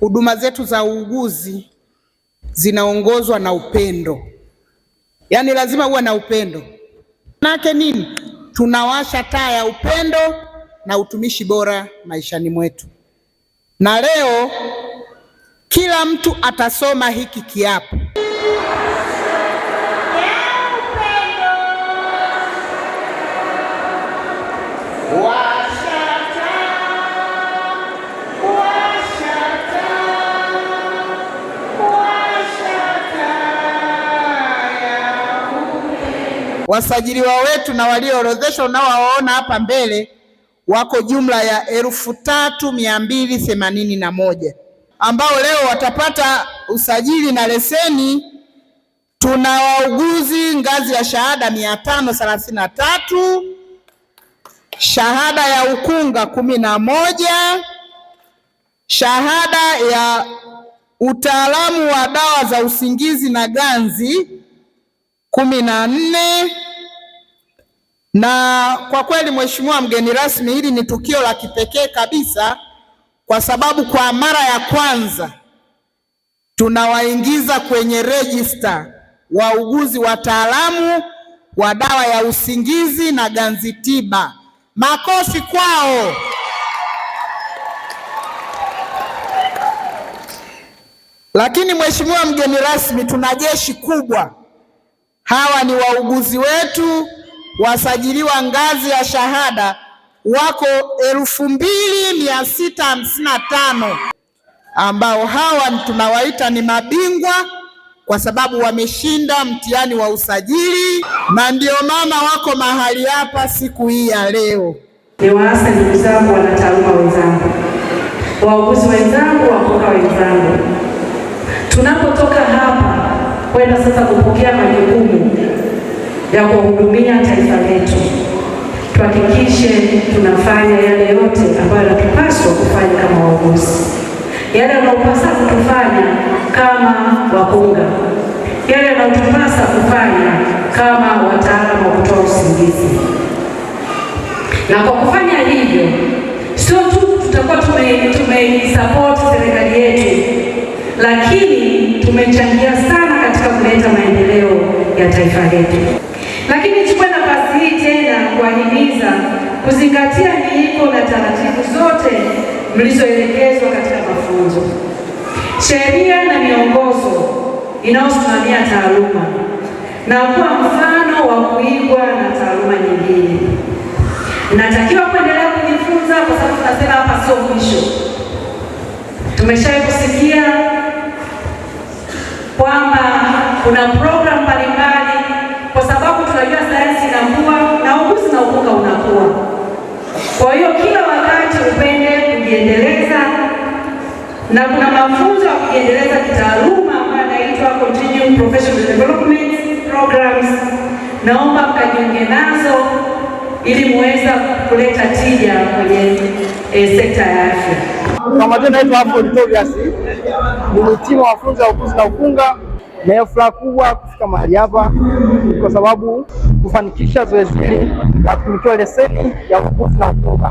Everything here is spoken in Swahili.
huduma zetu za uuguzi zinaongozwa na upendo, yaani lazima uwe na upendo. Nake nini? Tunawasha taa ya upendo na utumishi bora maishani mwetu, na leo kila mtu atasoma hiki kiapo. Wasajiliwa wetu na walioorodheshwa unaowaona hapa mbele wako jumla ya elfu tatu mia mbili themanini na moja ambao leo watapata usajili na leseni. Tuna wauguzi ngazi ya shahada mia tano thelathini na tatu shahada ya ukunga kumi na moja shahada ya utaalamu wa dawa za usingizi na ganzi kumi na nne na kwa kweli, mheshimiwa mgeni rasmi, hili ni tukio la kipekee kabisa, kwa sababu kwa mara ya kwanza tunawaingiza kwenye rejista wauguzi wataalamu wa dawa ya usingizi na ganzi tiba. Makofi kwao. Lakini mheshimiwa mgeni rasmi, tuna jeshi kubwa Hawa ni wauguzi wetu wasajiliwa ngazi ya shahada, wako elfu mbili mia sita hamsini na tano ambao hawa tunawaita ni mabingwa kwa sababu wameshinda mtihani wa usajili, na ndio maana wako mahali hapa siku hii ya leo. waasa ndugu zangu, wanataaluma wenzangu, wauguzi wenzangu, wakoka wenzangu, tunapo tunakwenda sasa kupokea majukumu ya kuhudumia taifa letu, tuhakikishe tunafanya yale yote ambayo yanatupaswa kufanya kama wauguzi, yale yanayopasa kutufanya kama wakunga, yale yanayotupasa kufanya kama wataalamu wa kutoa usingizi. Na kwa kufanya hivyo, sio tu tutakuwa tumeisapoti tume serikali yetu, lakini tumechangia katika taifa letu. Lakini chukua nafasi hii tena kuwahimiza kuzingatia miiko na taratibu zote mlizoelekezwa katika mafunzo, sheria na miongozo inayosimamia taaluma na kuwa mfano wa kuigwa na taaluma nyingine. Natakiwa kuendelea kujifunza, kwa sababu tunasema hapa sio mwisho. Tumeshaikusikia kwamba kuna programu mbalimbali kujiendeleza, na kuna mafunzo ya kujiendeleza kitaaluma ambayo yanaitwa Continuing Professional Development Programs. Naomba mkajiunge nazo ili muweza kuleta tija kwenye e, sekta ya afya. Kamati naitwa Alfred Tobias, ni mhitimu wa mafunzo ya ukuzi na ukunga. Nayo furaha kubwa kufika mahali hapa kwa sababu kufanikisha zoezi hili la kutoa leseni ya ukuzi na ukunga.